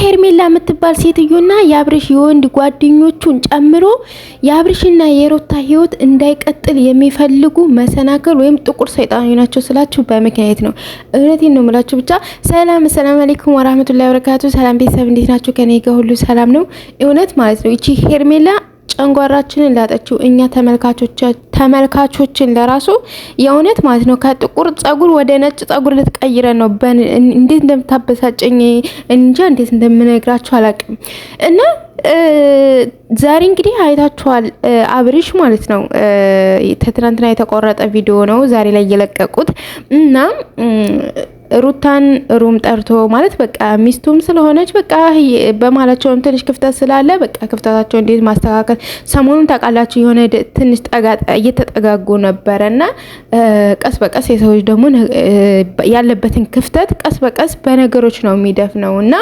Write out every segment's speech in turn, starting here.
ሄርሜላ የምትባል ሴትዮና የአብርሽ የወንድ ጓደኞቹን ጨምሮ የአብርሽና የሮታ ህይወት እንዳይቀጥል የሚፈልጉ መሰናክል ወይም ጥቁር ሰይጣኖች ናቸው ስላችሁ በምክንያት ነው። እውነቴን ነው ምላችሁ። ብቻ ሰላም ሰላም አለይኩም ወራህመቱላሂ ወበረካቱ። ሰላም ቤተሰብ እንዴት ናቸው? ከኔ ጋር ሁሉ ሰላም ነው። እውነት ማለት ነው። ይቺ ሄርሜላ ጨንጓራችንን ላጠችው እኛ ተመልካቾቻችን ተመልካቾችን ለራሱ የእውነት ማለት ነው ከጥቁር ጸጉር ወደ ነጭ ጸጉር ልትቀይረን ነው። እንዴት እንደምታበሳጨኝ እንጃ፣ እንዴት እንደምነግራችሁ አላውቅም እና ዛሬ እንግዲህ አይታችኋል፣ አብሪሽ ማለት ነው ትናንትና የተቆረጠ ቪዲዮ ነው ዛሬ ላይ የለቀቁት እና ሩታን ሩም ጠርቶ ማለት በቃ ሚስቱም ስለሆነች በቃ በማላቸውም ትንሽ ክፍተት ስላለ በቃ ክፍተታቸው እንዴት ማስተካከል ሰሞኑን ታውቃላችሁ የሆነ ትንሽ እየተጠጋጉ ነበረ እና ቀስ በቀስ የሰዎች ደግሞ ያለበትን ክፍተት ቀስ በቀስ በነገሮች ነው የሚደፍነው እና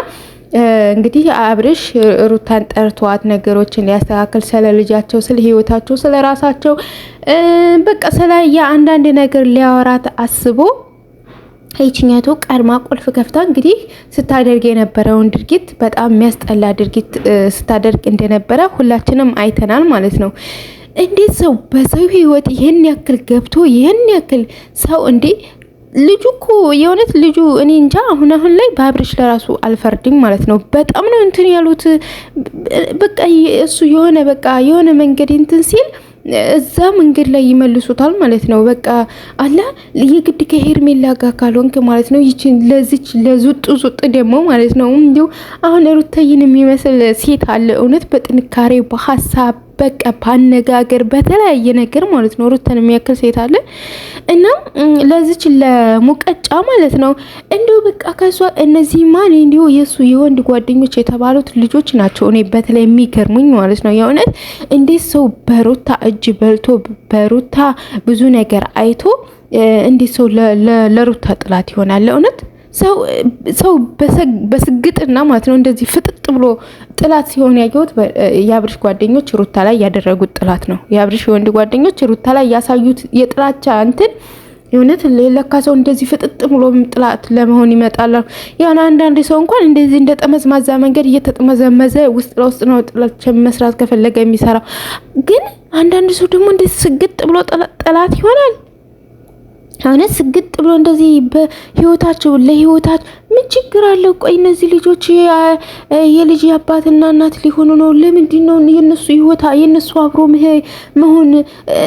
እንግዲህ አብርሽ ሩታን ጠርቷት ነገሮችን ሊያስተካክል ስለ ልጃቸው፣ ስለ ህይወታቸው፣ ስለ ራሳቸው በቃ ስለ የአንዳንድ ነገር ሊያወራት አስቦ ይችኛቱ ቀድማ ቁልፍ ከፍታ እንግዲህ ስታደርግ የነበረውን ድርጊት በጣም የሚያስጠላ ድርጊት ስታደርግ እንደነበረ ሁላችንም አይተናል ማለት ነው። እንዴት ሰው በሰው ህይወት ይህን ያክል ገብቶ ይህን ያክል ሰው እንዴ! ልጁ እኮ የእውነት ልጁ እኔ እንጃ። አሁን አሁን ላይ በአብርሽ ለራሱ አልፈርድም ማለት ነው። በጣም ነው እንትን ያሉት በቃ እሱ የሆነ በቃ የሆነ መንገድ እንትን ሲል እዛ መንገድ ላይ ይመልሱታል ማለት ነው። በቃ አላ የግድ ከሄርሜላ ጋር ካልሆንክ ማለት ነው። ይችን ለዚች ለዙጥ ዙጥ ደግሞ ማለት ነው እንዲሁ አሁን ሩታዬን የሚመስል ሴት አለ እውነት በጥንካሬ በሀሳብ በቃ ባነጋገር በተለያየ ነገር ማለት ነው ሩታን የሚያክል ሴት አለ እና ለዚች ለሙቀጫ ማለት ነው እንዲሁ በቃ ከሷ እነዚህ ማን እንዲሁ የእሱ የወንድ ጓደኞች የተባሉት ልጆች ናቸው። እኔ በተለይ የሚገርሙኝ ማለት ነው የእውነት እንዴት ሰው በሩታ እጅ በልቶ በሩታ ብዙ ነገር አይቶ እንዴት ሰው ለሩታ ጥላት ይሆናል ለእውነት ሰው በስግጥና ማለት ነው እንደዚህ ፍጥጥ ብሎ ጥላት ሲሆን ያየሁት የአብርሽ ጓደኞች ሩታ ላይ ያደረጉት ጥላት ነው። የአብርሽ የወንድ ጓደኞች ሩታ ላይ ያሳዩት የጥላቻ እንትን የእውነት ለካ ሰው እንደዚህ ፍጥጥ ብሎ ጥላት ለመሆን ይመጣል። ያን አንዳንድ ሰው እንኳን እንደዚህ እንደ ጠመዝማዛ መንገድ እየተጠመዘመዘ ውስጥ ለውስጥ ነው ጥላቻ መስራት ከፈለገ የሚሰራው። ግን አንዳንድ ሰው ደግሞ እንደዚህ ስግጥ ብሎ ጥላት ይሆናል። እውነት ስግጥ ብሎ እንደዚህ በህይወታቸው ለህይወታቸው ምን ችግር አለው? ቆይ እነዚህ ልጆች የልጅ አባትና እናት ሊሆኑ ነው። ለምንድን ነው የነሱ ህይወታ የነሱ አብሮ መሆን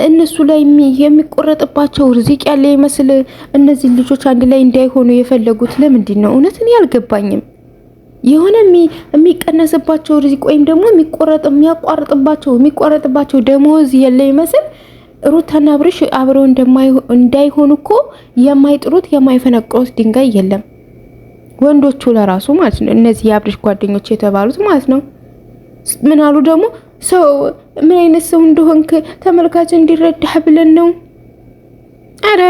እነሱ ላይ የሚቆረጥባቸው ርዚቅ ያለ ይመስል እነዚህ ልጆች አንድ ላይ እንዳይሆኑ የፈለጉት ለምንድን ነው? እውነት እኔ አልገባኝም። የሆነ የሚቀነስባቸው ርዚቅ ወይም ደግሞ የሚቆረጥ የሚያቋርጥባቸው የሚቆረጥባቸው ደሞዝ የለ ይመስል ሩታና አብርሽ አብረው እንዳይሆኑ እኮ የማይጥሩት የማይፈነቅሉት ድንጋይ የለም። ወንዶቹ ለራሱ ማለት ነው። እነዚህ የአብርሽ ጓደኞች የተባሉት ማለት ነው። ምን አሉ ደግሞ ሰው ምን አይነት ሰው እንደሆንክ ተመልካች እንዲረዳህ ብለን ነው። አረ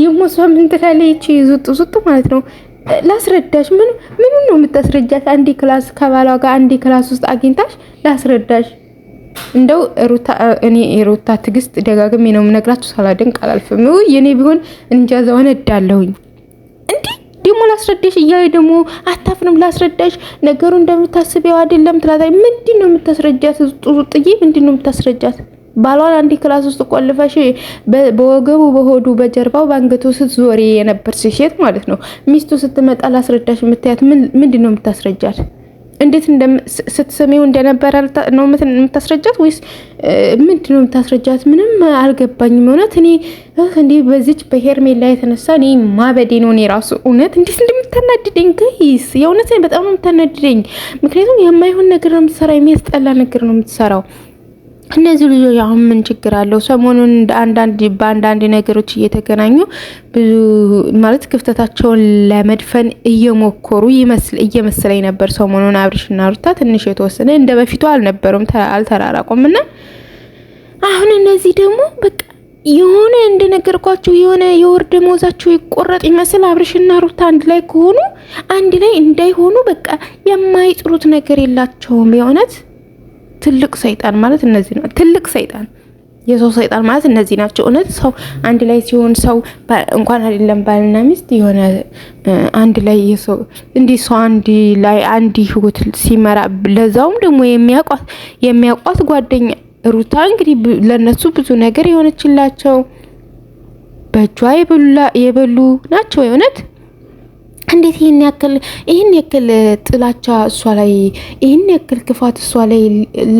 ደግሞ እሷ ምን ትላለች? ዙጥ ዙጥ ማለት ነው። ላስረዳሽ ምን ምን ነው የምታስረጃት? አንዴ ክላስ ከባሏ ጋር አንዴ ክላስ ውስጥ አግኝታሽ ላስረዳሽ እንደው ሩታ እኔ የሩታ ትዕግስት ደጋግሜ ነው የምነግራችሁ፣ ሳላደንቅ አላልፍም። የእኔ ቢሆን እንጃ ዘወን እዳለሁኝ እንዲህ ደግሞ ላስረዳሽ እያለ ደግሞ አታፍንም። ላስረዳሽ ነገሩ እንደምታስቢው አይደለም ትላታለች። ምንድን ነው የምታስረጃት? ጡጥዬ ምንድን ነው የምታስረጃት? ባሏን አንዴ ክላስ ውስጥ ቆልፈሽ በወገቡ በሆዱ በጀርባው በአንገቱ ስትዞሪ የነበር ሴት ማለት ነው። ሚስቱ ስትመጣ ላስረዳሽ የምታያት ምንድን ነው የምታስረጃት? እንዴት ስትስሜው እንደነበረ ነው የምታስረጃት ወይስ ምንድን ነው የምታስረጃት? ምንም አልገባኝም። እውነት እኔ እንዲህ በዚች በሄርሜላ የተነሳ እኔ ማበዴ ነው እኔ ራሱ እውነት እንዴት እንደምታናድደኝ ገይስ፣ የእውነት በጣም ነው የምታናድደኝ። ምክንያቱም የማይሆን ነገር ነው የምትሰራ፣ የሚያስጠላ ነገር ነው የምትሰራው። እነዚህ ልጆች አሁን ምን ችግር አለው? ሰሞኑን አንዳንድ በአንዳንድ ነገሮች እየተገናኙ ብዙ ማለት ክፍተታቸውን ለመድፈን እየሞከሩ እየመሰለኝ ነበር። ሰሞኑን አብርሽና ሩታ ትንሽ የተወሰነ እንደ በፊቱ አልነበሩም፣ አልተራራቁም እና አሁን እነዚህ ደግሞ በቃ የሆነ እንደነገርኳቸው የሆነ የወር ደመወዛቸው ይቆረጥ ይመስል አብርሽና ሩታ አንድ ላይ ከሆኑ አንድ ላይ እንዳይሆኑ በቃ የማይጥሩት ነገር የላቸውም የእውነት ትልቅ ሰይጣን ማለት እነዚህ ነው። ትልቅ ሰይጣን የሰው ሰይጣን ማለት እነዚህ ናቸው። እውነት ሰው አንድ ላይ ሲሆን ሰው እንኳን አይደለም ባልና ሚስት የሆነ አንድ ላይ የሰው እንዲህ ሰው አንድ ላይ አንድ ህይወት ሲመራ ለዛውም ደግሞ የሚያውቋት የሚያውቋት ጓደኛ ሩታ እንግዲህ ለነሱ ብዙ ነገር የሆነችላቸው በእጇ የበሉ ናቸው የእውነት እንዴት ይህን ያክል ይህን ያክል ጥላቻ እሷ ላይ ይህን ያክል ክፋት እሷ ላይ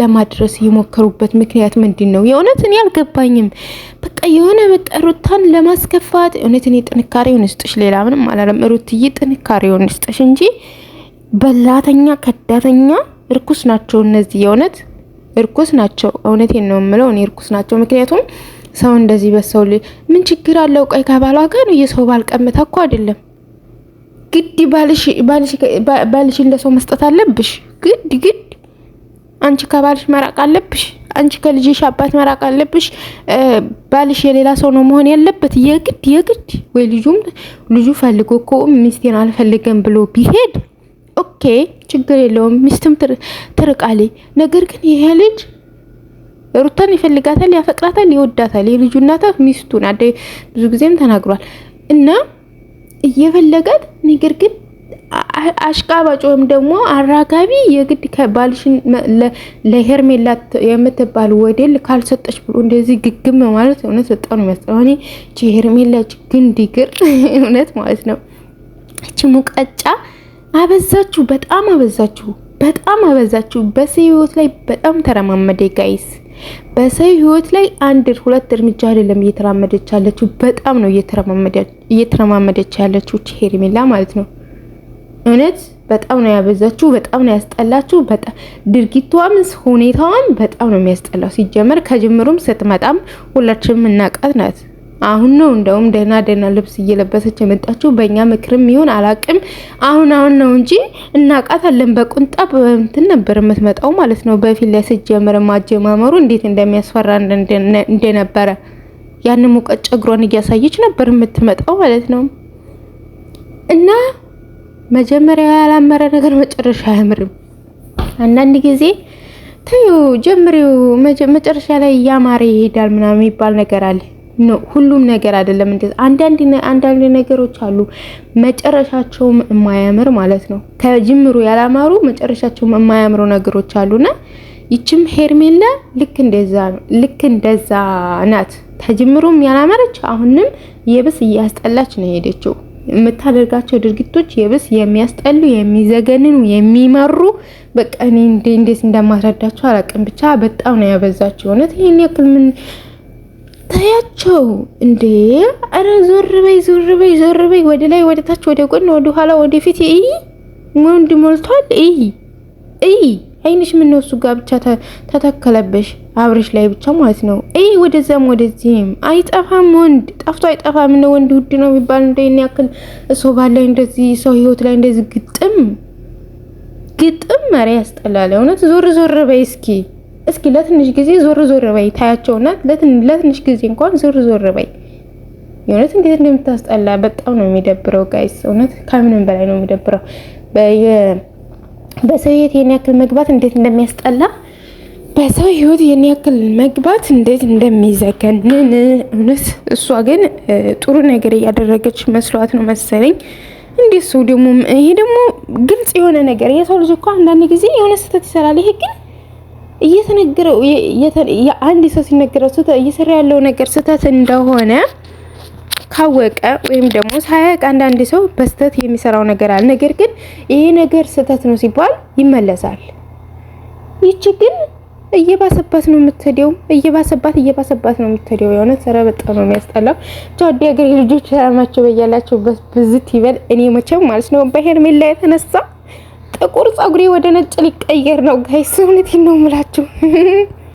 ለማድረስ የሞከሩበት ምክንያት ምንድን ነው? የእውነት እኔ አልገባኝም። በቃ የሆነ በቃ ሩታን ለማስከፋት እውነት እኔ ጥንካሬውን ስጥሽ፣ ሌላ ምንም አላለም። ሩትዬ ጥንካሬውን ስጥሽ እንጂ በላተኛ ከዳተኛ እርኩስ ናቸው እነዚህ። የእውነት እርኩስ ናቸው። እውነቴን ነው የምለው፣ እኔ እርኩስ ናቸው። ምክንያቱም ሰው እንደዚህ በሰው ምን ችግር አለው? ቆይ ከባሏ ጋር ነው የሰው ባል ቀምታ እኮ አይደለም ግድ ባልሽ ለሰው መስጠት አለብሽ? ግድ ግድ አንቺ ከባልሽ መራቅ አለብሽ። አንቺ ከልጅሽ አባት መራቅ አለብሽ። ባልሽ የሌላ ሰው ነው መሆን ያለበት የግድ የግድ። ወይ ልጁም ልጁ ፈልጎ እኮ ሚስቴን አልፈልገም ብሎ ቢሄድ ኦኬ ችግር የለውም ሚስትም ትርቃሌ። ነገር ግን ይሄ ልጅ ሩታን ይፈልጋታል፣ ያፈቅራታል፣ ይወዳታል። የልጁ እናት ሚስቱን አደ ብዙ ጊዜም ተናግሯል እና እየፈለጋት ነገር ግን አሽቃባጭ ወይም ደግሞ አራጋቢ የግድ ባልሽን ለሄርሜላ የምትባል ወዴል ካልሰጠች ብሎ እንደዚህ ግግም ማለት እውነት በጣም ነው የሚያስጠላው። እኔ እቺ ሄርሜላ ግን ዲግር እውነት ማለት ነው። እቺ ሙቀጫ አበዛችሁ፣ በጣም አበዛችሁ፣ በጣም አበዛችሁ። በሰው ህይወት ላይ በጣም ተረማመደ ጋይስ። በሰው ህይወት ላይ አንድ ሁለት እርምጃ አይደለም እየተራመደች ያለችው፣ በጣም ነው እየተረማመደች ያለችው ሄርሜላ ማለት ነው። እውነት በጣም ነው ያበዛችሁ፣ በጣም ነው ያስጠላችሁ። በጣም ድርጊቷም ሁኔታዋም በጣም ነው የሚያስጠላው። ሲጀመር ከጅምሩም ስትመጣም ሁላችንም እናቃት ናት። አሁን ነው እንደውም ደህና ደህና ልብስ እየለበሰች የመጣችው። በእኛ ምክርም ይሁን አላቅም፣ አሁን አሁን ነው እንጂ እናቃታለን። በቁንጣ በእንትን ነበር የምትመጣው ማለት ነው። በፊት ላይ ስጀምር ማጀማመሩ እንዴት እንደሚያስፈራ እንደነበረ ያን ሙቀት ጨግሯን እያሳየች ነበር የምትመጣው ማለት ነው። እና መጀመሪያ ያላመረ ነገር መጨረሻ አያምርም። አንዳንድ ጊዜ ተዩ ጀምሪው መጨረሻ ላይ እያማረ ይሄዳል ምናምን የሚባል ነገር አለ። ነው። ሁሉም ነገር አይደለም። እንደ አንዳንድ ነገሮች አሉ መጨረሻቸውም የማያምር ማለት ነው። ከጅምሩ ያላማሩ መጨረሻቸው የማያምሩ ነገሮች አሉና ይችም ሄርሜላ ልክ እንደዛ ልክ እንደዛ ናት። ከጅምሩም ያላመረች አሁንም የብስ እያስጠላች ነው የሄደችው። የምታደርጋቸው ድርጊቶች የብስ የሚያስጠሉ፣ የሚዘገንኑ፣ የሚመሩ በቃ እኔ እንዴት እንደማስረዳቸው አላቅም። ብቻ በጣም ነው ያበዛችው እውነት ይሄን ያክል ምን ተያቸው እንዴ! አረ ዞር በይ ዞር በይ ዞር በይ፣ ወደ ላይ ወደ ታች ወደ ጎን ወደ ኋላ ወደ ፊት እይ። ወንድ ሞልቷል። እይ እይ፣ አይንሽ ምን ነው እሱ ጋር ብቻ ተተከለበሽ፣ አብረሽ ላይ ብቻ ማለት ነው። እይ ወደዛም ወደዚህም፣ አይጠፋም ወንድ ጠፍቶ አይጠፋም። ነው ወንድ ውድ ነው የሚባል እንደ እኔ ያክል ሰው ባለ እንደዚህ ሰው ህይወት ላይ እንደዚህ ግጥም ግጥም መሪ ያስጠላል። እውነት ዞር ዞር በይ እስኪ እስኪ ለትንሽ ጊዜ ዞር ዞር በይ ታያቸውና፣ ለትንሽ ጊዜ እንኳን ዞር ዞር በይ። የእውነት እንዴት እንደምታስጠላ በጣም ነው የሚደብረው ጋይስ። እውነት ከምንም በላይ ነው የሚደብረው። በሰው ህይወት የኔ ያክል መግባት እንዴት እንደሚያስጠላ፣ በሰው ህይወት የኔ ያክል መግባት እንዴት እንደሚዘገንን እውነት። እሷ ግን ጥሩ ነገር እያደረገች መስሏት ነው መሰለኝ። እንዴት ሰው ደግሞ ይሄ ደግሞ ግልጽ የሆነ ነገር የሰው ልጅ እኮ አንዳንድ ጊዜ የሆነ ስህተት ይሰራል። ይሄ ግን እየተነገረው አንድ ሰው ሲነገረው እየሰራ ያለው ነገር ስህተት እንደሆነ ካወቀ ወይም ደግሞ ሳያውቅ አንዳንድ ሰው በስህተት የሚሰራው ነገር አለ። ነገር ግን ይሄ ነገር ስህተት ነው ሲባል ይመለሳል። ይቺ ግን እየባሰባት ነው የምትሄደው። እየባሰባት እየባሰባት ነው የምትሄደው። የሆነ ኧረ በጣም ነው የሚያስጠላው። ብቻ ወደ ሀገር ልጆች ሰላማቸው በያላቸውበት ብዝት ይበል። እኔ መቼም ማለት ነው በሄርሜላ የተነሳ ጥቁር ጸጉሬ ወደ ነጭ ሊቀየር ነው ጋይስ። እውነቴን ነው የምላችሁ።